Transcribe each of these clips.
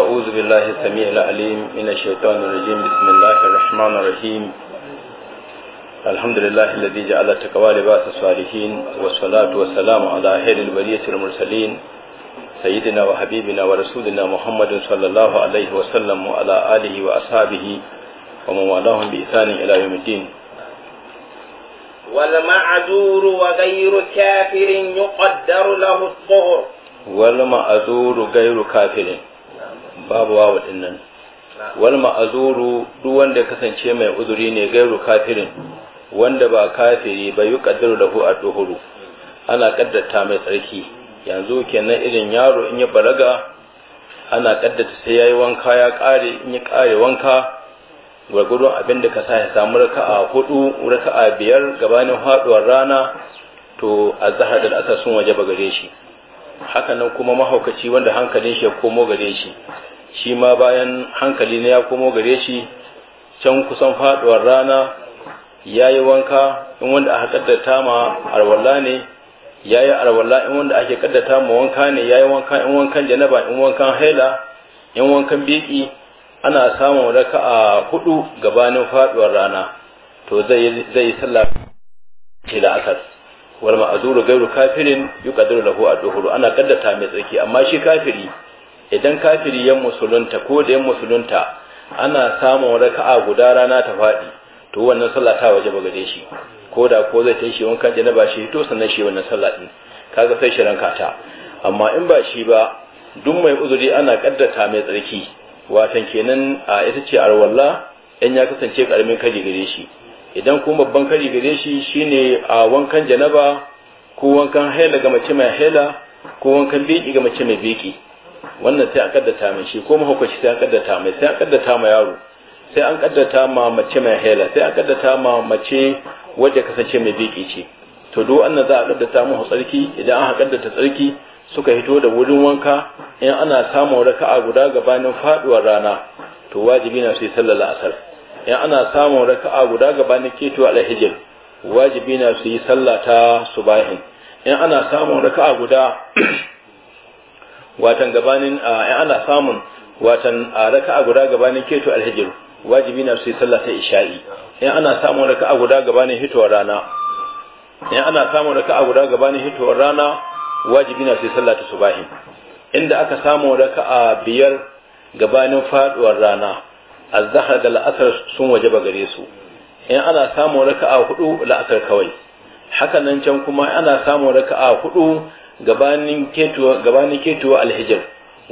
أعوذ بالله السميع العليم من الشيطان الرجيم بسم الله الرحمن الرحيم الحمد لله الذي جعل تقوى لباس الصالحين والصلاة والسلام على خير البرية المرسلين سيدنا وحبيبنا ورسولنا محمد صلى الله عليه وسلم وعلى آله وأصحابه ومن والاهم بإحسان إلى يوم الدين والمعذور وغير كافر يقدر له الطهر والمعذور غير كافر babu wa din nan wal ma'azuru duk wanda ya kasance mai uzuri ne gairu kafirin wanda ba kafiri ba yi kaddaru lahu a duhuru ana kaddata mai tsarki yanzu kenan irin yaro in ya balaga ana kaddata sai yayi wanka ya kare in ya kare wanka gwargwadon abin da ka sa ya samu raka'a hudu raka'a biyar gabanin haduwar rana to a zahar da asar sun waje ba gare shi hakanan kuma mahaukaci wanda hankalin shi ya komo gare shi shi ma bayan hankali ne ya komo gare shi can kusan faduwar rana ya yi wanka in wanda aka kaddata ma arwalla ne ya yi arwalla in wanda ake kaddata ma wanka ne ya yi wanka in wankan janaba in wankan haila in wankan biki ana samun raka a hudu gabanin faduwar rana to zai zai sallah ce da asar wal ma'zuru gairu kafirin yuqaddaru lahu ad-duhur ana kaddata mai tsaki amma shi kafiri idan kafiri yan musulunta ko da yan musulunta ana samun raka'a guda rana ta faɗi to wannan sallah ta waje gare shi ko da ko zai ta shi wankan janaba shi to sannan shi wannan sallah din kaga sai shi ta amma in ba shi ba duk mai uzuri ana kaddata mai tsarki watan kenan a ita ce arwalla in ya kasance karamin kaji gare shi idan kuma babban kaji gare shi shine a wankan janaba ko wankan haila ga mace mai haila ko wankan biki ga mace mai biki wannan sai a kaddata mai shi ko mahaukaci sai an kaddata mai sai an kaddata ma yaro sai an kaddata ma mace mai hela, sai an kaddata ma mace wacce kasance mai biki ce to duk wannan za a kaddata mu tsarki idan an kaddata tsarki suka hito da wurin wanka in ana samun raka'a guda gabanin faduwar rana to wajibi na sai sallar asar in ana samun raka'a guda gabanin keto alhijr wajibi na su yi sallah subahin in ana samun raka'a guda watan gabanin in ana samun watan raka'a guda gabanin keto alhijir wajibi na sai sallata sallah ta isha'i in ana samun raka'a guda gabanin hitowar rana in ana samun raka'a guda gabanin hitowar rana wajibi na sai sallata sallah ta subahi inda aka samu raka'a biyar gabanin faduwar rana azhar da la'asar sun wajaba gare su in ana samun raka'a hudu la'asar kawai haka nan can kuma ana samun raka'a hudu gabanin ketuwa gabanin ketuwa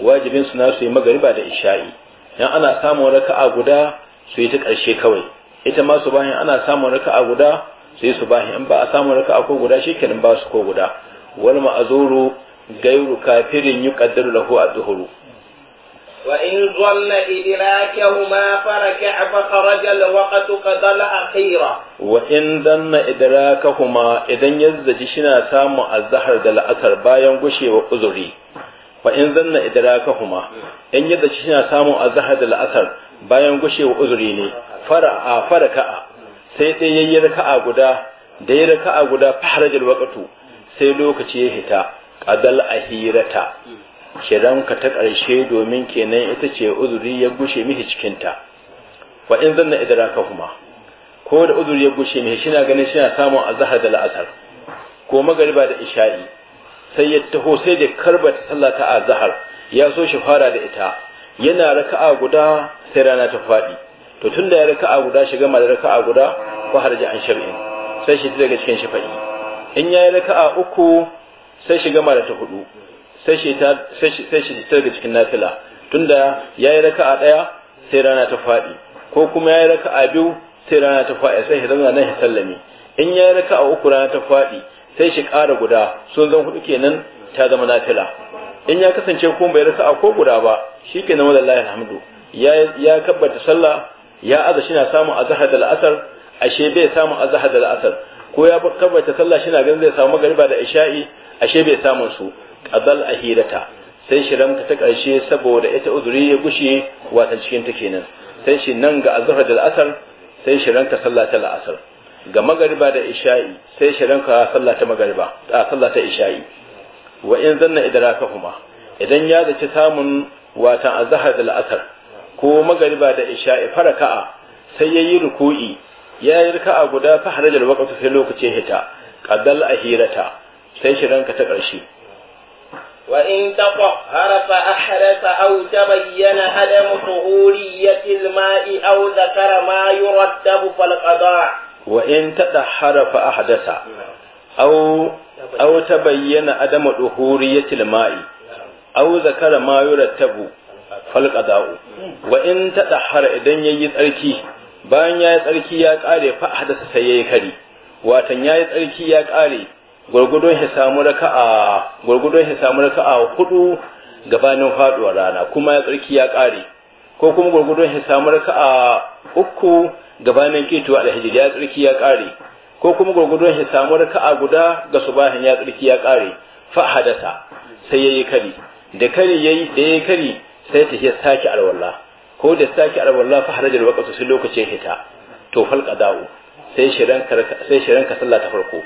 wajibin suna na su yi magariba da isha'i idan ana samun raka'a guda su yi ta ƙarshe kawai ita ma su bayan ana samun raka'a guda su yi su bayan in ba a samun raka'a ko guda kenan ba su ko guda wal ma'azuru gairu kafirin yi yuqaddaru lahu a tsuhuru. وإن ظل إدراكهما فركع فخرج الوقت قد الأخيرة وإن ظن إدراكهما إذن يزج شنا تام الزهر دل أثر بايان غشي وأزري وإن ظن إدراكهما إن يزج شنا تام الزهر دل أثر bayan gushewa uzuri ne fara'a faraka'a sai sai yayi raka'a guda da yayi raka'a guda fahrajal waqtu sai lokaci ya hita qadal ahirata ka ta ƙarshe domin kenan ita ce uzuri ya gushe mihi cikinta wa in zanna idraka kuma. ko da uzuri ya gushe mishi shina ganin shina samun azhar da la'asar ko magariba da isha'i sai ya taho sai da karbata sallah ta azhar ya so shi fara da ita yana raka'a guda sai rana ta faɗi to tunda ya raka'a guda shiga ma da raka'a guda ko harji an shar'i sai shi daga cikin shafa'i in ya raka'a uku sai shi gama da ta hudu sai shi ta sai shi ta daga cikin nafila tunda yayi raka'a daya sai rana ta fadi ko kuma yayi raka'a biyu sai rana ta fadi sai hidama nan ya sallame in yayi raka'a uku rana ta fadi sai shi ƙara guda sun zan hudu kenan ta zama nafila in ya kasance ko bai raka'a ko guda ba shikenan wallahi alhamdu ya ya kabbata sallah ya aza shi na samu azhar da al'asar ashe bai samu azhar da al'asar ko ya kabbata sallah shi na ganin zai samu magariba da isha'i ashe bai samu su abal ahirata sai shi ramka ta ƙarshe saboda ita uzuri ya gushe wata cikin ta kenan sai shi nan ga azhar da asar sai shi ranka sallah ta asar ga magariba da isha'i sai shi ranka sallah ta magariba a sallah ta isha'i wa in zanna idrakahuma idan ya zaci samun watan azhar da asar ko magariba da isha'i faraka'a sai yayi ruku'i ya yi ruka'a guda fa harajal waqtu sai lokacin hita qadal ahirata sai shi ranka ta ƙarshe وإن تطهر فأحرس أو تبين عدم طهورية الماء أو ذكر ما يرتب فالقضاء وإن تطهر فأحدث أو أو تبين عدم طهورية الماء أو ذكر ما يرتب فالقضاء وإن تطهر إذن يجد أركي بان يجد أركي tsarki ya فأحدث سيئي كري واتن يجد أركي kari watan gwargwadon ya samu a gwargwadon ya samu a hudu gabanin faduwar rana kuma ya tsarki ya kare ko kuma gwargwadon ya samu a uku gabanin da hijira ya tsarki ya kare ko kuma gwargwadon ya samu a guda ga subahin ya tsarki ya kare fa hadasa sai yayi kari da kari yayi da yayi kari sai ta yi saki alwala ko da saki alwala fa harajar waqtu sai lokacin hita to falqa da'u sai shirin sai shirin ka sallah ta farko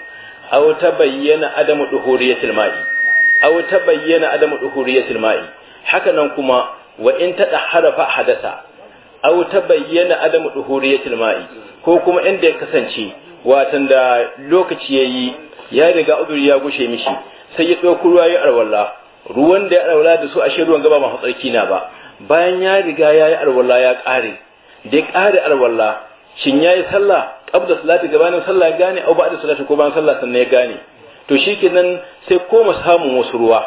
aw bayyana adamu duhuriyatil ma'i aw tabayyana adamu duhuriyatil ma'i haka nan kuma wa in tadahhara fa hadasa aw bayyana adamu duhuriyatil ma'i ko kuma inda ya kasance watan da lokaci yayi ya riga uduri ya gushe mishi sai ya dauko ruwa ya arwalla ruwan da ya arwalla da su ashe ruwan gaba ba tsarki na ba bayan ya riga ya yi arwalla ya kare da ya kare arwalla shin ya yi sallah qabla salati gabanin sallah ya gane au ba'da salati ko bayan sallah sannan ya gane to shi shikenan sai ko koma samun wasu ruwa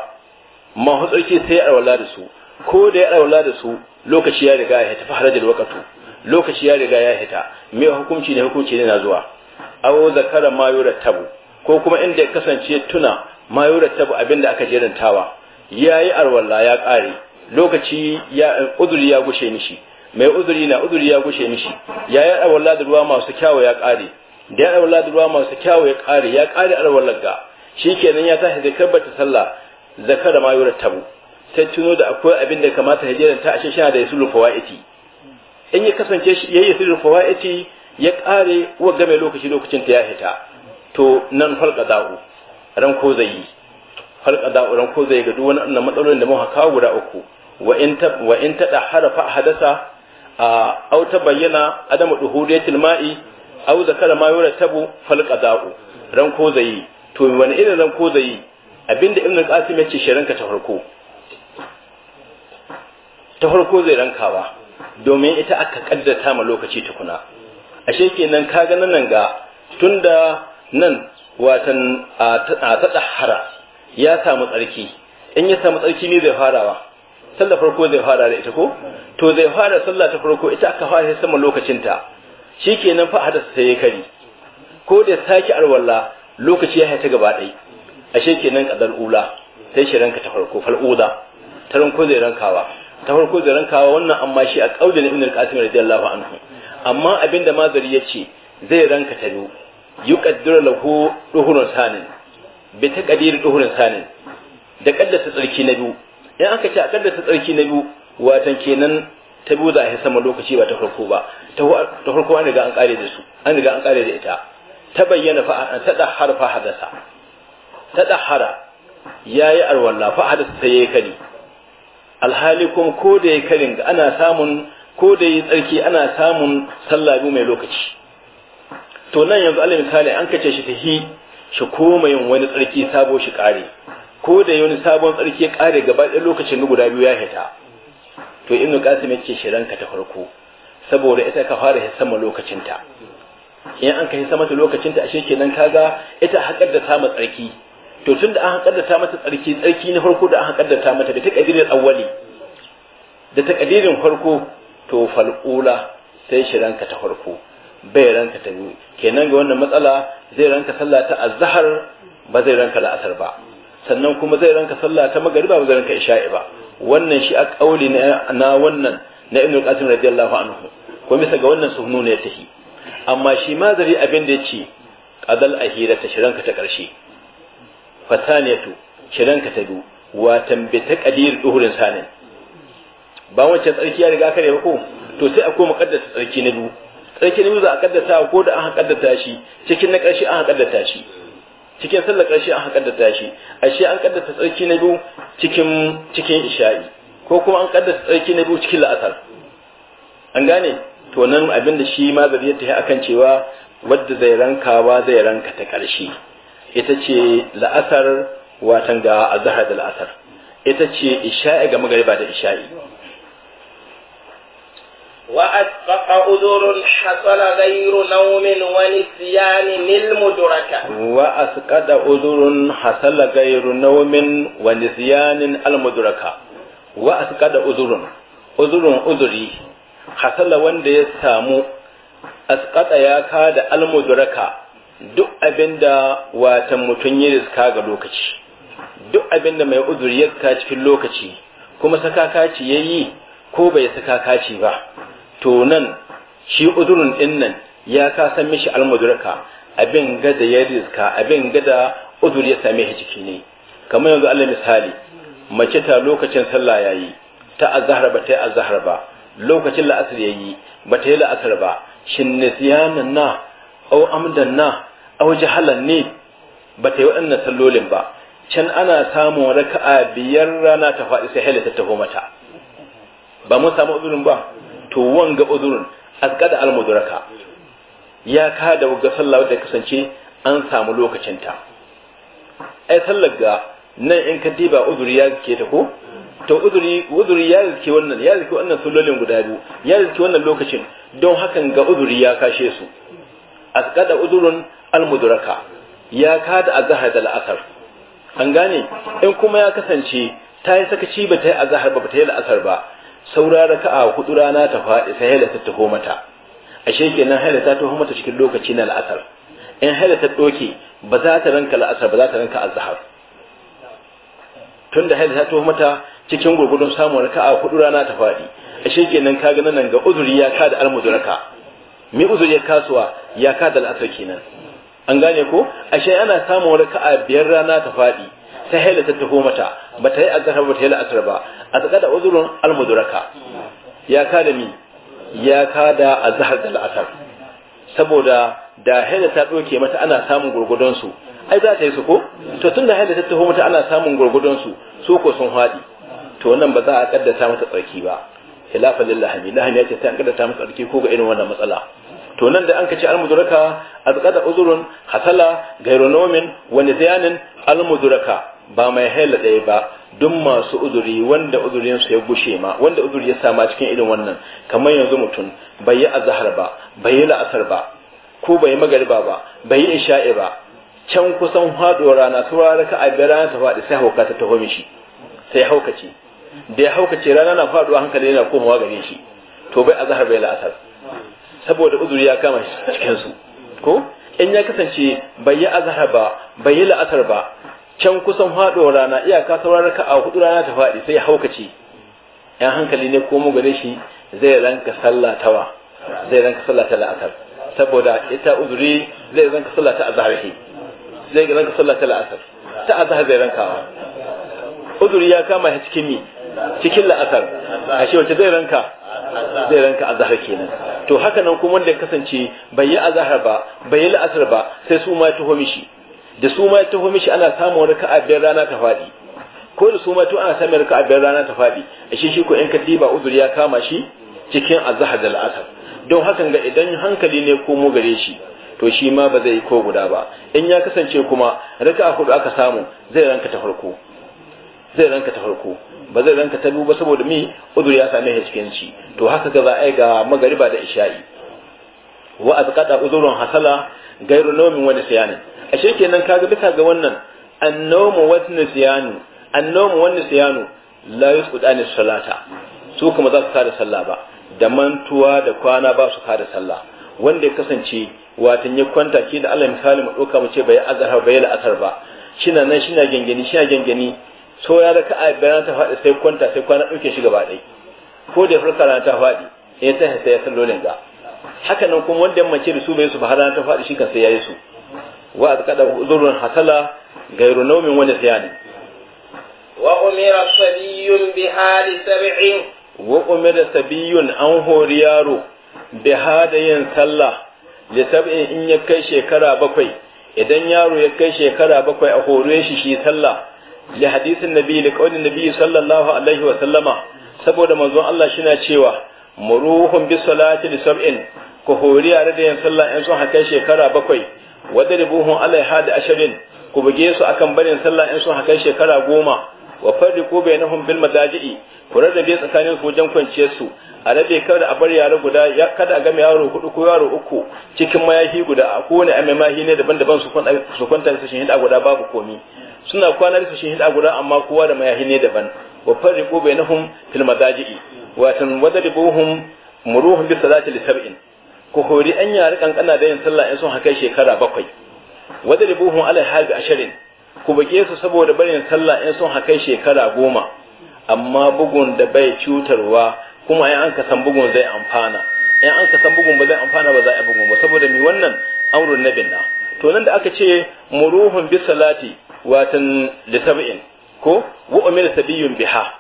Ma tsarki sai ya alwala da su ko da ya alwala da su lokaci ya riga ya hita fa harajal waqtu lokaci ya riga ya hita me hukunci ne hukunci ne na zuwa aw zakara ma yurattabu ko kuma inda ya kasance tuna ma abin abinda aka jerantawa yayi arwala ya kare lokaci ya uzuri ya gushe mishi mai uzuri na uzuri ya gushe mishi ya yi alwala da ruwa masu kyawu ya kare da ya alwala da ruwa masu kyawu ya kare ya kare alwalar ga nan ya tashi da ta sallah zakara ma yura tabu sai tuno da akwai abin da kamata hijira ta ashe shi da yasulu fawaiti in ya kasance shi yayi yasulu fawaiti ya kare wa game lokaci lokacin ta ya hita to nan falqa da'u ran ko yi da'u ran ko zai ga duk wani matsalolin da muka kawo guda uku wa in ta wa in ta da harafa hadasa أو تبين عدم ظهورية الماء أو ذكر ما يرتب فالقضاء رنكو زي to wani irin ranko zai yi abinda ibn qasim ya ce shi ranka ta farko ta farko zai rankawa domin ita aka kaddata ma lokaci tukuna ashe kenan ka ga nan ga tunda nan watan a ta hara ya samu tsarki in ya samu tsarki ne zai farawa sallar farko zai fara da ita ko to zai fara sallah ta farko ita aka fara sai sama lokacin ta shikenan fa hadas sai ya kari ko da saki arwalla lokaci ya haita gaba dai ke nan kadar ula sai shi ranka ta farko fal uda ta ranko zai rankawa ta farko zai rankawa wannan amma shi a kaudin ibn al-qasim radiyallahu anhu amma abinda mazari yace zai ranka ta biyu yuqaddir lahu duhurun sanin bi taqdir duhurun sanin da kaddasa tsarki na biyu in aka ce a ta tsarki na biyu watan kenan ta biyu za a yi sama lokaci ba ta farko ba ta farko an riga an kare da su an riga an kare da ita ta bayyana fa ta dahara fa hadasa ta dahara yayi arwalla fa hadasa sai yayi kari alhali kuma ko da yayi karin ana samun ko da yayi tsarki ana samun sallah biyu mai lokaci to nan yanzu alal misali an kace shi tahi shi koma yin wani tsarki sabo shi kare ko da wani sabon tsarki ya kare gaba ɗaya lokacin guda biyu ya hita to ibnu qasim yace shiranka ta farko saboda ita ka fara hisama lokacin ta in an ka hisama ta lokacin ta ashe kenan kaga ita haƙar da ta ma tsarki to tun da an haƙar da ta mata tsarki tsarki na farko da an haƙar da ta mata da ta kadirin awwali da ta kadirin farko to falqula sai shiranka ta farko bai ranka ta biyu kenan ga wannan matsala zai ranka sallah ta azhar ba zai ranka la'asar ba sannan kuma zai ranka sallah ta magariba ba zai ranka isha'i ba wannan shi a kauli na wannan na ibnu qasim radiyallahu anhu ko bisa ga wannan sunu ne tahi amma shi ma zari abin da yace qadal ahira ta shiranka ta karshe fataniyatu shiranka ta du wa tambita qadir duhurin sanin ba wancan tsarki ya riga ka ne ko to sai a koma kaddasa tsarki na du. tsarki na biyu za a kaddasa ko da an kaddasa shi cikin na karshe an kaddasa shi cikin sallar ƙarshe an kaddata shi ashe an kaddata tsarki na biyu cikin cikin isha'i ko kuma an kaddata tsarki na biyu cikin la'asar an gane to nan abin da shi ma zai ta akan cewa wadda zai ranka ba zai ranka ta ƙarshe ita ce la'asar watan ga azhar da la'asar ita ce isha'i ga magariba da isha'i وأسبق عذر حصل غير نوم ونسيان المدركة وأسقط عذر حصل غير نوم ونسيان المدركة وأسقط عذر عذر عذري حصل وند يسامو أسقط يا كاد المدركة duk abin da watan mutum ya riska ga lokaci duk abin da mai uzuri ya cikin lokaci kuma sakakaci ya yi ko bai sakakaci ba to nan shi uzurin din nan ya san mishi almudurka abin gada ya riska abin gada uzur ya same shi ciki ne kamar yanzu Allah misali mace ta lokacin sallah yayi ta azhar ba ta azhar ba lokacin la'asar yayi ba ta yi la'asar ba shin nisyanan na au amdan na au jahalan ne ba ta yi waɗannan sallolin ba can ana samun raka'a biyar rana ta faɗi sai haila ta mata ba mun samu uzurin ba to wanga uzurin asqada mudraka ya ka da ga sallah wadda kasance an samu lokacinta ai sallar ga nan in ka diba uzuri ya ke ta ko to uzuri uzuri ya riske wannan ya riske wannan sallolin guda biyu ya riske wannan lokacin don hakan ga uzuri ya kashe su asqada al almudraka ya ka da azhar da la'asar. an gane in kuma ya kasance ta yi sakaci ba ta yi azhar ba ta yi la'asar ba saura ka'a hudu rana ta faɗi sai haila ta taho mata ashe kenan haila ta taho mata cikin lokaci na la'asar in haila ta doke ba za ta ranka la'asar ba za ta ranka azhar tunda haila ta taho mata cikin gurgudun samun raka'a hudu rana ta faɗi ashe kenan ka ga nan ga uzuri ya ka da almuduraka me uzuri ya kasuwa ya ka da al'asar kenan an gane ko ashe ana samun raka'a biyar rana ta faɗi ta haila ta taho mata ba ta yi azhar ba ta yi la'asar ba a tsaka da uzurun almudraka ya kada mi ya kada azhar da la'asar saboda da haila ta doke mata ana samun gurgudun su ai za ta yi su ko to tunda haila ta taho mata ana samun gurgudun su su ko sun haɗi to nan ba za a kaddasa mata tsarki ba khilafa lillahi lahi ya ce ta kaddasa mata tsarki ko ga irin wannan matsala to nan da an kace almudraka azqada uzurun hasala gaironomin wa nizanin almudraka ba mai haila ɗaya ba duk masu uzuri wanda uzurinsu ya gushe ma wanda uzuri ya sama cikin irin wannan kamar yanzu mutum bai yi azhar ba bai yi la'asar ba ko bai yi magariba ba bai yi isha'i ba can kusan haɗuwar rana su raka a biyar rana ta faɗi sai hauka ta taho mishi sai haukace da ya haukace rana na faɗuwa hankali yana komawa gare shi to bai azhar bai la'asar saboda uzuri ya kama cikin su ko in ya kasance bai yi azhar ba bai yi la'asar ba can kusan faɗo rana iyaka sauran ka a hudu rana ta faɗi sai ya haukace yan hankali ne ko mu gare shi zai ranka sallah tawa zai ranka sallah ta la'asar saboda ita uzuri zai ranka sallah ta azhari zai ranka sallah ta la'asar ta azhar zai rankawa uzuri ya kama shi cikin ni cikin la'asar a shi wace zai ranka zai ranka azhar kenan to haka nan kuma wanda ya kasance bai yi azhar ba bai yi la'asar ba sai su ma ya tuho mishi da su ma ya taho mishi ana samun raka'a biyar rana ta faɗi ko da su ma to ana samun raka'a biyar rana ta faɗi a shi ko in ka diba uzuri ya kama shi cikin azhar da la'asar. don hakan ga idan hankali ne ko mu gare shi to shi ma ba zai ko guda ba in ya kasance kuma raka a hudu aka samu zai ranka ta farko zai ranka ta farko ba zai ranka ta biyu ba saboda mi uzuri ya same shi cikin shi to haka ga za a yi ga magariba da isha'i wa azqata uzurun hasala gairu nomin wani sayanin ashe kenan kaga bisa ga wannan annawmu wa siyanu annawmu wannan siyanu la yusqudani salata su kuma za su kada sallah ba da mantuwa da kwana ba su kada sallah wanda ya kasance watan ya kwanta ki da Allah misali mu doka mu ce bai azhar bai la'asar ba shina nan shina gengeni shina gengeni so ya da ka'a bayan ta faɗi sai kwanta sai kwana ɗauke shi gaba ɗai ko da farka rana ta faɗi ya ta sai ya sallolin ga haka nan kuma wanda mace da su bai su ba har rana ta faɗi shi kan sai ya yi su wa azqada uzurun hasala gairu naumin wani siyani wa umira sabiyun bi hali sab'in wa umira sabiyun an hori yaro bi hadayin sallah li sab'in in ya kai shekara bakwai idan yaro ya kai shekara bakwai a hore shi shi sallah li hadisin nabi li qaulin nabi sallallahu alaihi wa sallama saboda manzon Allah shina cewa muruhum bi salati li sab'in ku hori yare da yin sallah in sun haka shekara bakwai wadribuhum alaiha da ashirin ku buge su akan barin sallah in sun haka shekara goma wa farriqu bainahum bil madaji'i ku rarrabe tsakanin su jan kwance su a rabe kada a bar yaro guda kada a game yaro hudu ko yaro uku cikin mayahi guda a kowane a mayahi ne daban-daban su kwanta su shin hida guda babu komi suna kwana su shin hida guda amma kowa da mayahi ne daban wa farriqu bainahum fil madaji'i wa tan wadribuhum muruhum bi salati li sab'in ku hori an yare kankana da yin sallah in sun haka shekara bakwai wadda buhun ala habi ashirin ku buge su saboda barin sallah in sun haka shekara goma amma bugun da bai cutarwa kuma in an ka san bugun zai amfana in an ka san bugun ba zai amfana ba za a bugun ba saboda mi wannan amrun nabin na to nan da aka ce muruhun bi salati watan li sab'in ko wa umira sabiyun biha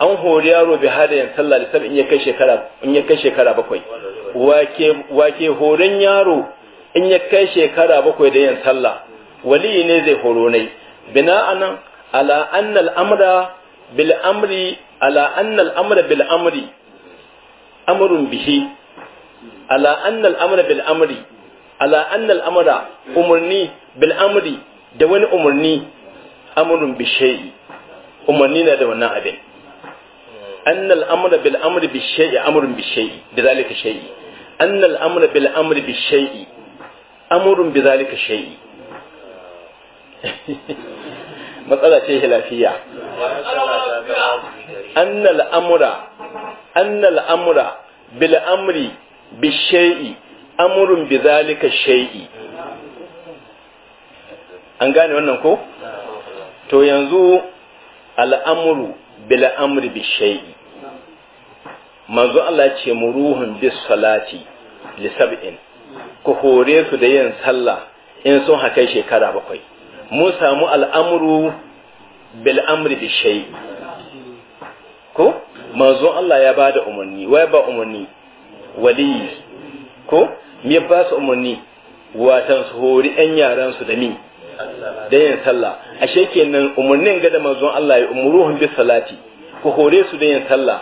an hori yaro bai hada yin sallah da in ya kai shekara in ya kai shekara bakwai wake wake horon yaro in ya kai shekara bakwai da yin sallah wali ne zai horo ne anan ala annal amra bil amri ala annal amra bil amri amrun bihi ala annal amra bil amri ala annal amra umurni bil amri da wani umurni amrun bi shay'i umurni na da wannan abin أن الأمر بالأمر بالشيء أمر بالشيء بذلك شيء أن الأمر بالأمر بالشيء أمر بذلك شيء matsala ce hilafiya أن الأمر أن الأمر بالأمر بالشيء أمر بذلك الشيء an gane wannan ko to yanzu al'amuru bil amri bi shay'i manzo Allah ce mu ruhun bis salati li sab'in ku hore su da yin sallah in sun haka shekara bakwai mu samu al'amuru bil amri bi shay'i ko manzo Allah ya bada umarni wai ba umarni wali ko me ba su umarni watan su hori yan yaran su da ni da yin sallah ashe kenan umarnin ga da manzon Allah ya umuruhum bi salati ku hore su da yin sallah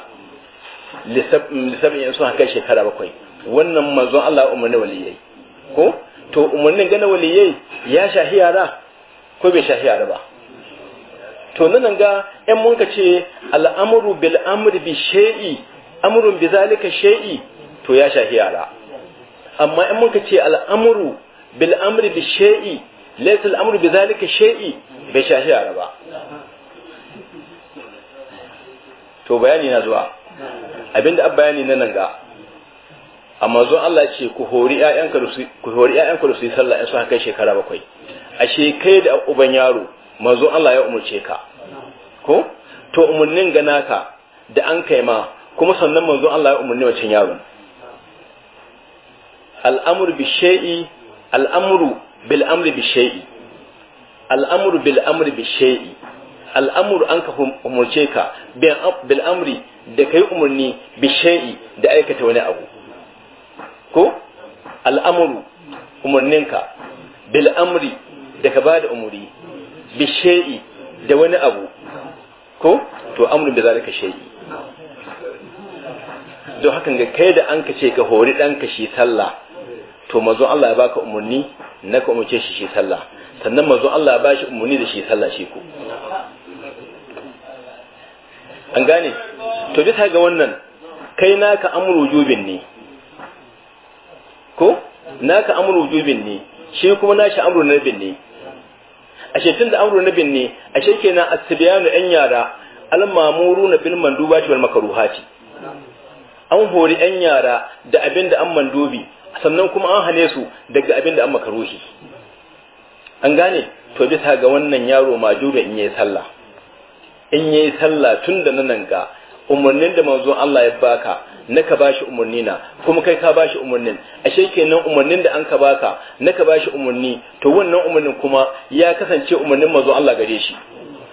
mm, lisabin sun haka shekara bakwai wannan manzon Allah umurni waliyai ko to umarnin ga na waliyai ya shahi yara ko bai shahi yara ba to nan ga ƴan mun ka ce al'amuru bil amri bi shay'i amrun bi zalika shay'i to ya shahi yara amma ƴan mun ka ce al'amuru bil amri bi shay'i laysa al-amru bi zalika shai'i bai shafi yara ba to bayani na zuwa abinda ab bayani na nan ga amma zo Allah ce ku hori ƴaƴanka da su yi sallah in sun kai shekara bakwai A kai da uban yaro manzo Allah ya umurce ka ko to umarnin gana ka, da an kai ma kuma sannan manzo Allah ya umarni wancan yaron al'amur bi shay'i al'amuru bil amri bi shay'i al'amru bil bi shay'i al'amru an ka umurce ka bil amri da kai umurni bi shay'i da aikata wani abu ko al'amuru umurninka bil da ka ba da umuri bi shay'i da wani abu ko to amru bi zalika shay'i don hakan ga kai da an ka ce ka hori ɗanka shi sallah to mazo Allah ya baka umarni na ka umarce shi shi sallah sannan mazo Allah ya bashi umarni da shi sallah shi ko an gane to bisa ga wannan kai naka amru wujubin ne ko naka amru wujubin ne shi kuma nashi amru nabin ne a tun da amru nabin ne ashe kenan asbiyanu yan yara almamuru na bil mandubati wal makruhati an hori yan yara da abin da an mandubi sannan kuma an hane su daga abin da an ruhi an gane to bisa ga wannan yaro majura in yayi sallah in yayi sallah tun da nan ga umarnin da manzo Allah ya baka naka bashi umarni na kuma kai ka bashi umarnin ashe kenan umarnin da an ka baka naka bashi umarni to wannan umarnin kuma ya kasance umarnin manzo Allah gare shi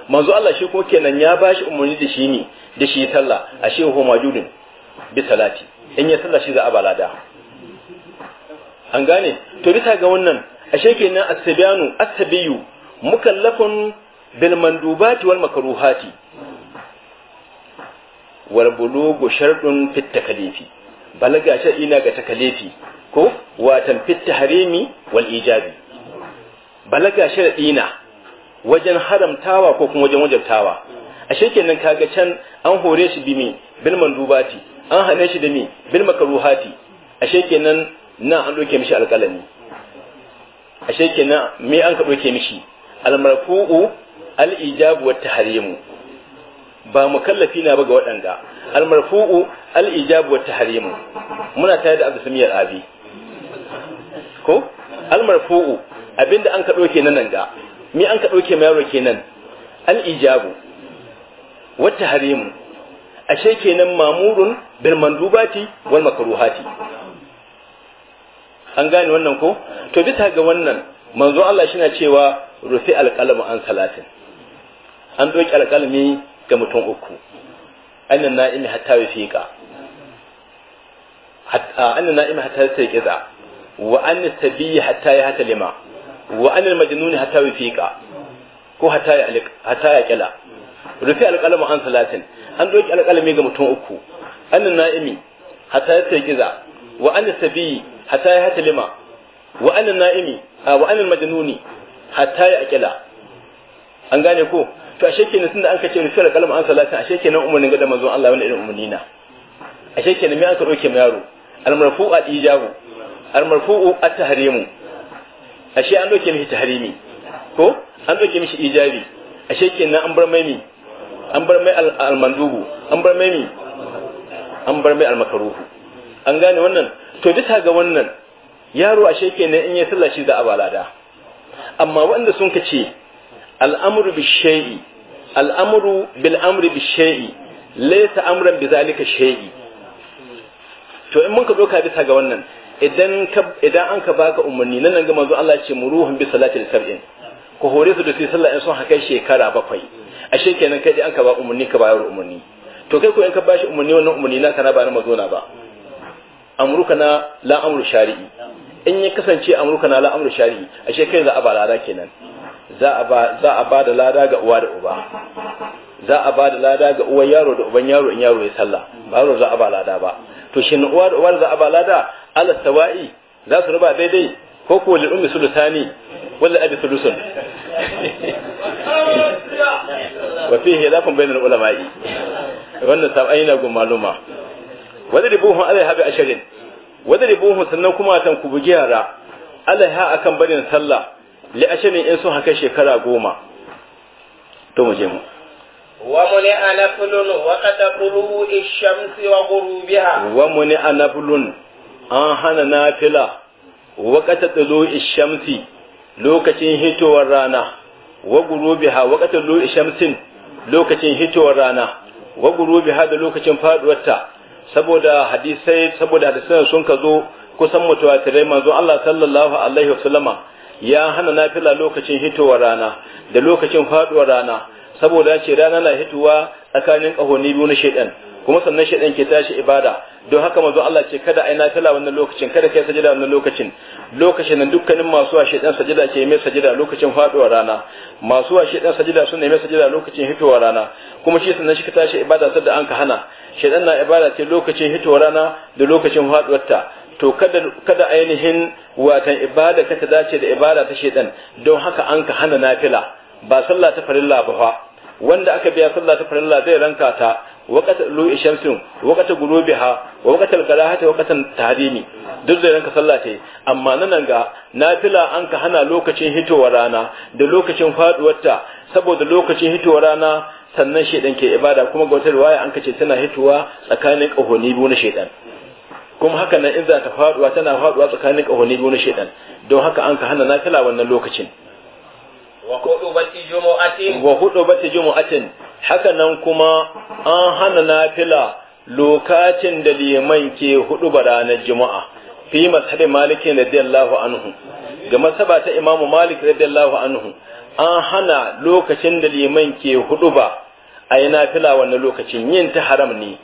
manzo Allah shi kuma kenan ya bashi umarni da shi ne da shi sallah ashe ho majudin bi salati in ya sallah shi za a balada an gane to bisa ga wannan ashe kenan astabiyanu astabiyu mukallafun bil mandubati wal makruhati wal bulugu shartun fit takalifi balaga shar'i ina ga takalifi ko watan fit tahrimi wal ijabi balaga shar'i ina wajen haramtawa ko kuma wajen wajabtawa ashe kenan kaga can an hore shi bimi bil mandubati an hane shi da mi bil makruhati ashe kenan Na an doke mishi alƙalami ashe kenan me an ka doke mishi almarfu'u al wa tahrimu ba mukallafi na ba ga waɗanda almarfu'u al wa tahrimu muna tare da abdusmiyar abi ko almarfu'u abinda an ka doke nan ga me an ka doke ma yaro kenan al-ijabu wa tahrimu ashe kenan mamurun bil mandubati wal makruhati an gane wannan ko to bisa ga wannan manzo Allah shi na cewa rufi alƙalamin an salatin an doki alƙalami ga mutum uku annan na'imi hatta yufiqa hatta annan na'imi hatta ƙiza wa an tabiyi hatta ya hata lima wa an majnuni hatta fiƙa ko hatta ya alq hatta ya kala rufi alqalamu an salatin an doki alƙalami ga mutum uku annan na'imi hatta ya ƙiza wa an tabiyi hatta ya hata lima wa anil na'imi wa anil majnuni hatta ya aqila an gane ko to ashe kenan tunda an kace rufe kalma an salatin ashe kenan umarnin ga da Allah wannan irin umarni na ashe kenan me aka roke yaro al marfu'u al ijabu al marfu'u at tahrimu ashe an doke mishi tahrimi ko an doke mishi ijabi ashe kenan an bar mai an bar mai al an bar mai an bar mai al an gane wannan to bisa ga wannan yaro a sheke ne in ya sallah shi za a amma wanda sun kace al'amru bi shay'i al'amru bil amri bi shay'i laysa amran bi zalika shay'i to in mun ka doka bisa ga wannan idan ka idan an ka baka umarni nan ga manzo Allah ya ce muruhum bi salatil sab'in ko hore su da su sallah in sun haka shekara bakwai ashe kenan kai an ka ba umarni ka bayar umarni to kai ko in ka bashi umarni wannan umarni na kana ba na na ba amurka na la'amur shari'i in ya kasance amurka na la'amur shari'i ashe kai za a ba lada kenan za a ba da lada ga uwa da uba za a ba da lada ga uwan yaro da uban yaro in yaro ya sallah ba yaro za a ba lada ba to shin uwa da uwa za a ba lada ala tawa'i za su raba daidai ko ko lil ummi sulusani wala abi sulusun wa fihi hilafun bainal ulama'i wannan sabai na gun maluma alai alaiha bi asharin wadribuhum sannan kuma tan ku bugi yara ha akan barin sallah li ashirin in sun haka shekara goma to mu je mu ومنع نفل an hana nafila waƙata tsalo ishamsi lokacin hitowar rana wa gurubiha lokacin hitowar rana wa da lokacin faduwarta saboda hadisai saboda hadisai sun ka zo kusan mutawatirai manzo Allah sallallahu alaihi wasallama ya hana nafila lokacin hitowar rana da lokacin faduwar rana saboda ce rana na hitowa tsakanin kahoni biyu na shaidan kuma sannan shaidan ke tashi ibada don haka manzo Allah ce kada ai nafila wannan lokacin kada kai sajada wannan lokacin lokacin nan dukkanin masu wa shaidan sajida ke mai sajida lokacin faduwar rana masu wa shaidan sajida suna mai sajida lokacin hitowar rana kuma shi sannan shi ka tashi ibada sai da anka hana shaidan na ibada ce lokacin hitowar rana da lokacin faduwar ta to kada kada ainihin watan ibada ka ta dace da ibada ta shaidan don haka anka hana nafila ba sallah ta farilla ba wanda aka biya sallah ta farilla zai ranka ta waqat lu'i shamsin waqat gurubiha wa waqat al-qalahati waqat tahdimi duk zai ranka sallah ta amma nan ga nafila an ka hana lokacin hitowar rana da lokacin ta saboda lokacin hitowar rana sannan shedan ke ibada kuma ga wata riwaya an kace tana hitowa tsakanin kahoni biyu na shedan kuma haka nan in za ta faduwa tana faduwa tsakanin kahoni biyu na shedan don haka an ka hana nafila wannan lokacin wa hudu bati jumu'atin haka nan kuma an hana nafila lokacin da liman ke hudu ba ranar juma'a fi mazhabin maliki radiyallahu anhu ga masaba ta imamu malik radiyallahu anhu an hana lokacin da liman ke hudu ba a yi nafila wannan lokacin yin ta haram ne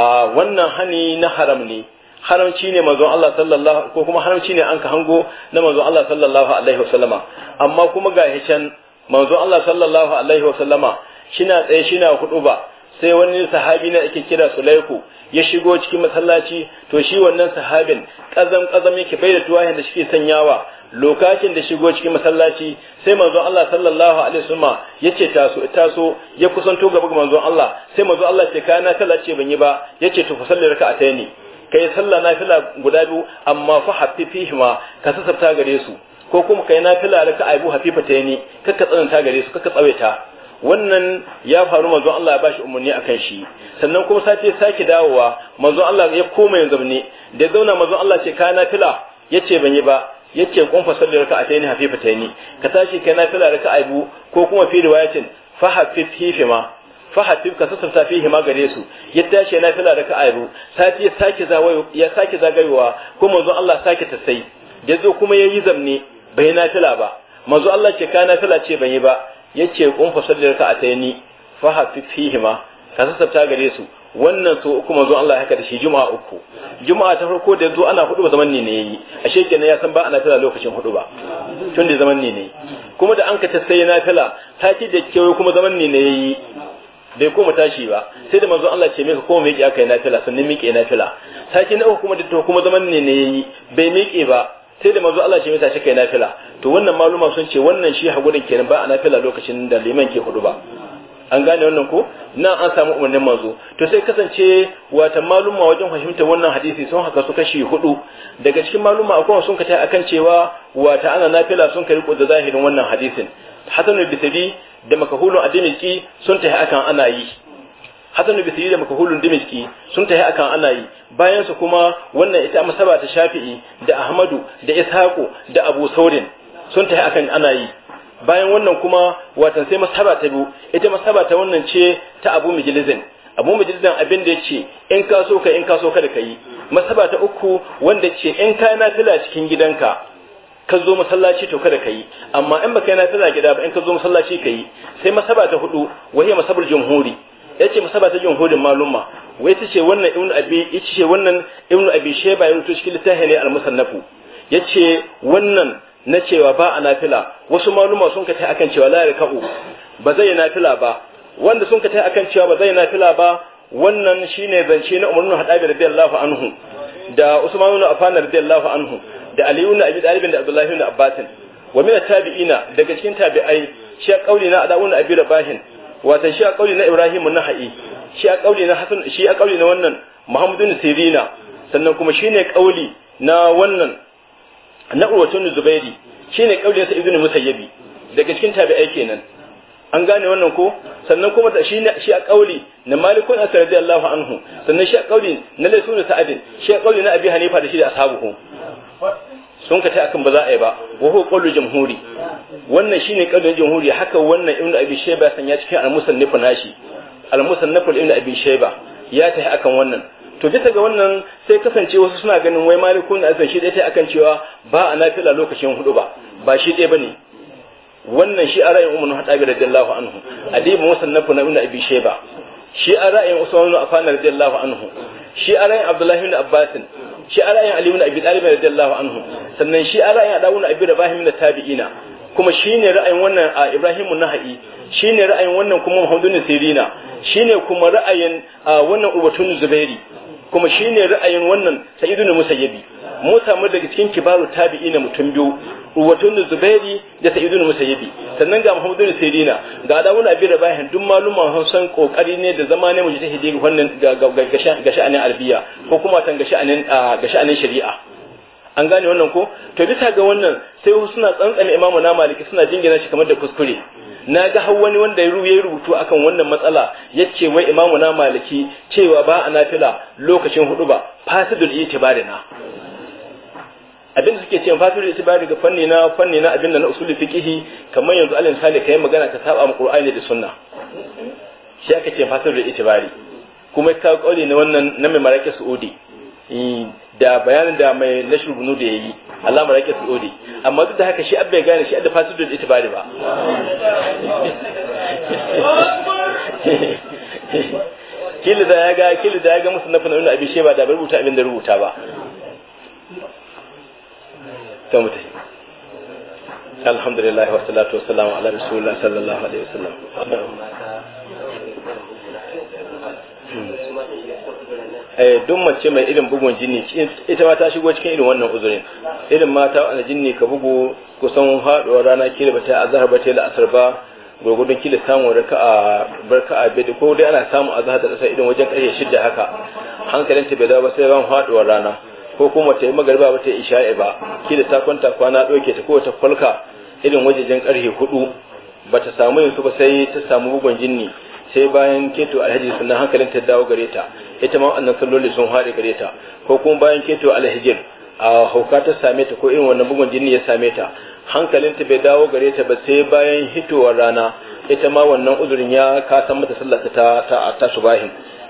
a wannan hani na haram ne haramci ne manzon Allah sallallahu ko kuma haramci ne an ka hango na manzon Allah sallallahu alaihi wasallama amma kuma ga can manzon Allah sallallahu alaihi wasallama shina tsaye shina hudu ba sai wani sahabi na yake kira Sulaiku ya shigo cikin masallaci to shi wannan sahabin kazam kazam yake bai da tuwahin da shi sanyawa lokacin da shigo cikin masallaci sai manzon Allah sallallahu alaihi wasallama yace taso taso ya kusanto gaba ga manzon Allah sai manzon Allah ce kana sallah ban yi ba yace to fa salli ne ka yi sallah na fila guda biyu amma fa ma ka sassafta gare su ko kuma kai da ka abu hafifa ta ne ka tsananta gare su ka tsawaita wannan ya faru manzon Allah ya bashi umarni akan shi sannan kuma sace sake dawowa manzon Allah ya koma yanzu ne da zauna manzon Allah ce ka fila yace ban yi ba yace kun fa sallar a ta hafi hafifa ta ne ka tashi kai da ka aibu ko kuma fi riwayatin fa ma. fahatif ka sassafta fihi ma gare su ya tashi yana fila da ka'aru sati ya sake zawayo ya sake zagayowa ko manzo Allah sake tasai da zo kuma yayi zamne bai na tila ba manzo Allah ce kana tila ce ban yi ba yace kun sallar ka atayni fahatif fihi ma ka ta gare su wannan so uku manzo Allah haka da shi juma'a uku juma'a ta farko da yazo ana hudu ba zaman ne ne yayi ashe kenan ya san ba ana tila lokacin hudu ba tun da zaman ne ne kuma da an ka ta sai na tila ta da kyau kuma zaman ne ne yayi bai koma tashi ba sai da manzo Allah ce mai ka koma miƙe aka yi nafila sannan miƙe nafila sake na uku kuma da kuma zaman ne ne yayi bai miƙe ba sai da manzo Allah ce mai tashi kai nafila to wannan maluma sun ce wannan shi gurin kenan ba a nafila lokacin da liman ke hudu ba an gane wannan ko na an samu umarnin manzo to sai kasance wata maluma wajen fahimta wannan hadisi sun haka su kashi hudu daga cikin maluma akwai sun kata akan cewa wata ana nafila sun kai riko da zahirin wannan hadisin hasanul Bisiri da makahulun adimiki sun tafi akan ana yi hasanul Bisiri da makahulun dimiki sun tafi akan ana yi bayan su kuma wannan ita masaba ta shafi'i da ahmadu da ishaqu da abu saurin sun tafi akan ana yi bayan wannan kuma watan sai masaba ta biyu ita masaba ta wannan ce ta abu mijlizin abu majalisan abin da ya ce in ka so ka in ka so kada ka yi masaba ta uku wanda ce in ka na fila cikin gidanka ka zo masallaci to kada ka yi amma in baka yana nafila gida ba in ka zo masallaci ka yi sai masaba ta hudu wahiyar masabul jumhuri ya masaba ta jamhurin maluma wai tace wannan ibnu abi yace ce wannan ibnu abi sheba ya to cikin littafi ne al-musannafu ya ce wannan na cewa ba a nafila wasu maluma sun ka ta akan cewa la yarka'u ba zai nafila ba wanda sun ka ta akan cewa ba zai nafila ba wannan shine zance na umarnu hadabi radiyallahu anhu da usman ibn affan radiyallahu anhu da aliyu na abi dalibin da abdullahi na abbasin wa min tabi'ina daga cikin tabi'ai shi kauli na na abi rabahin wata shi kauli na ibrahim nahai shi kauli na hasan shi kauli na wannan muhammadu sirina sannan kuma shine kauli na wannan na urwatun zubairi shine kauli sa ibnu musayyibi daga cikin tabi'ai kenan an gane wannan ko sannan kuma shi shi a kauli na malikun asr radiyallahu anhu sannan shi a kauli na laysun sa'adin shi a kauli na abi hanifa da shi da ashabuhu sun ka ta akan ba za a yi ba wa huwa qawlu jamhuri wannan shine qawlin jamhuri haka wannan ibnu abi shayba ya sanya cikin al-musannif nashi al-musannif ibnu abi shayba ya tafi akan wannan to bisa ga wannan sai kasance wasu suna ganin wai malikun da shi dai akan cewa ba a nafila lokacin hudu ba ba shi dai bane wannan shi a ra'ayin umar hadabi radiyallahu anhu adibu musannaf na ibnu abi shayba shi a ra'ayin usman ibn affan radiyallahu anhu shi a ra'ayin abdullahi ibn abbasin shi a ra'ayin Ali ibn Abi Talib radiyallahu anhu sannan shi a ra'ayin Adawu da Abi Rabah min tabi'ina kuma ne ra'ayin wannan a Ibrahim an shi ne ra'ayin wannan kuma Muhammad ibn shi ne kuma ra'ayin wannan Ubatun Zubairi kuma ne ra'ayin wannan Sa'id ibn Musayyibi mu samu daga cikin kibaru tabi'ina mutum biyu Ubatun Zubairi da Sa'idun Musayyibi sannan ga Muhammadu Sirina ga Dawud Abi bayan duk maluman Hausan kokari ne da zama ne mujtahidi wannan ga sha'anin albiya ko kuma tan ga sha'anin shari'a an gane wannan ko to bisa ga wannan sai suna tsantsame imamu na maliki suna jingina shi kamar da kuskure na ga har wani wanda ya rubutu akan wannan matsala yace wai imamu na maliki cewa ba a nafila lokacin hudu ba fasidul itibarina abin da suke cewa fatir itibari ga fanni na fanni na abin da na usuli fiqhi kamar yanzu alin sale kai magana ta saba mu qur'ani da sunna shi aka ce fatir itibari kuma ka kauli na wannan na mai maraki saudi eh, da bayanin da mai nashir bunu da yayi Allah maraki saudi amma duk da haka shi abba ya gane shi da fatir itibari ba kila da ya ga kila da ya ga musannafin ibn abin sheba da rubuta abin da rubuta ba sai mu alhamdulillah wa salatu wa salamu ala rasulullah sallallahu alaihi wasallam eh duk mace mai irin bugun jini ita ma ta shigo cikin irin wannan uzurin irin mata wanda jini ka bugu kusan haduwar rana kila bata azhar bata la la'asar ba gurgudun kila samu raka'a barka'a bai ko dai ana samu azhar da sai irin wajen kashe shidda haka hankalinta bai dawo ba sai ran haduwar rana ko kuma ta yi magariba ba ta yi isha'i ba kila ta kwanta kwana ɗauke ta kowace falka irin wajejen karfe hudu ba ta samu yanzu ba sai ta samu bugun jinni sai bayan keto alhaji sunan hankalin ta dawo gare ta ita ma wannan salloli sun haɗe gare ta ko kuma bayan keto alhajir a hauka ta same ta ko irin wannan bugun jini ya same ta hankalin ta bai dawo gare ta ba sai bayan hitowar rana ita ma wannan uzurin ya kasan mata sallata ta ta subahin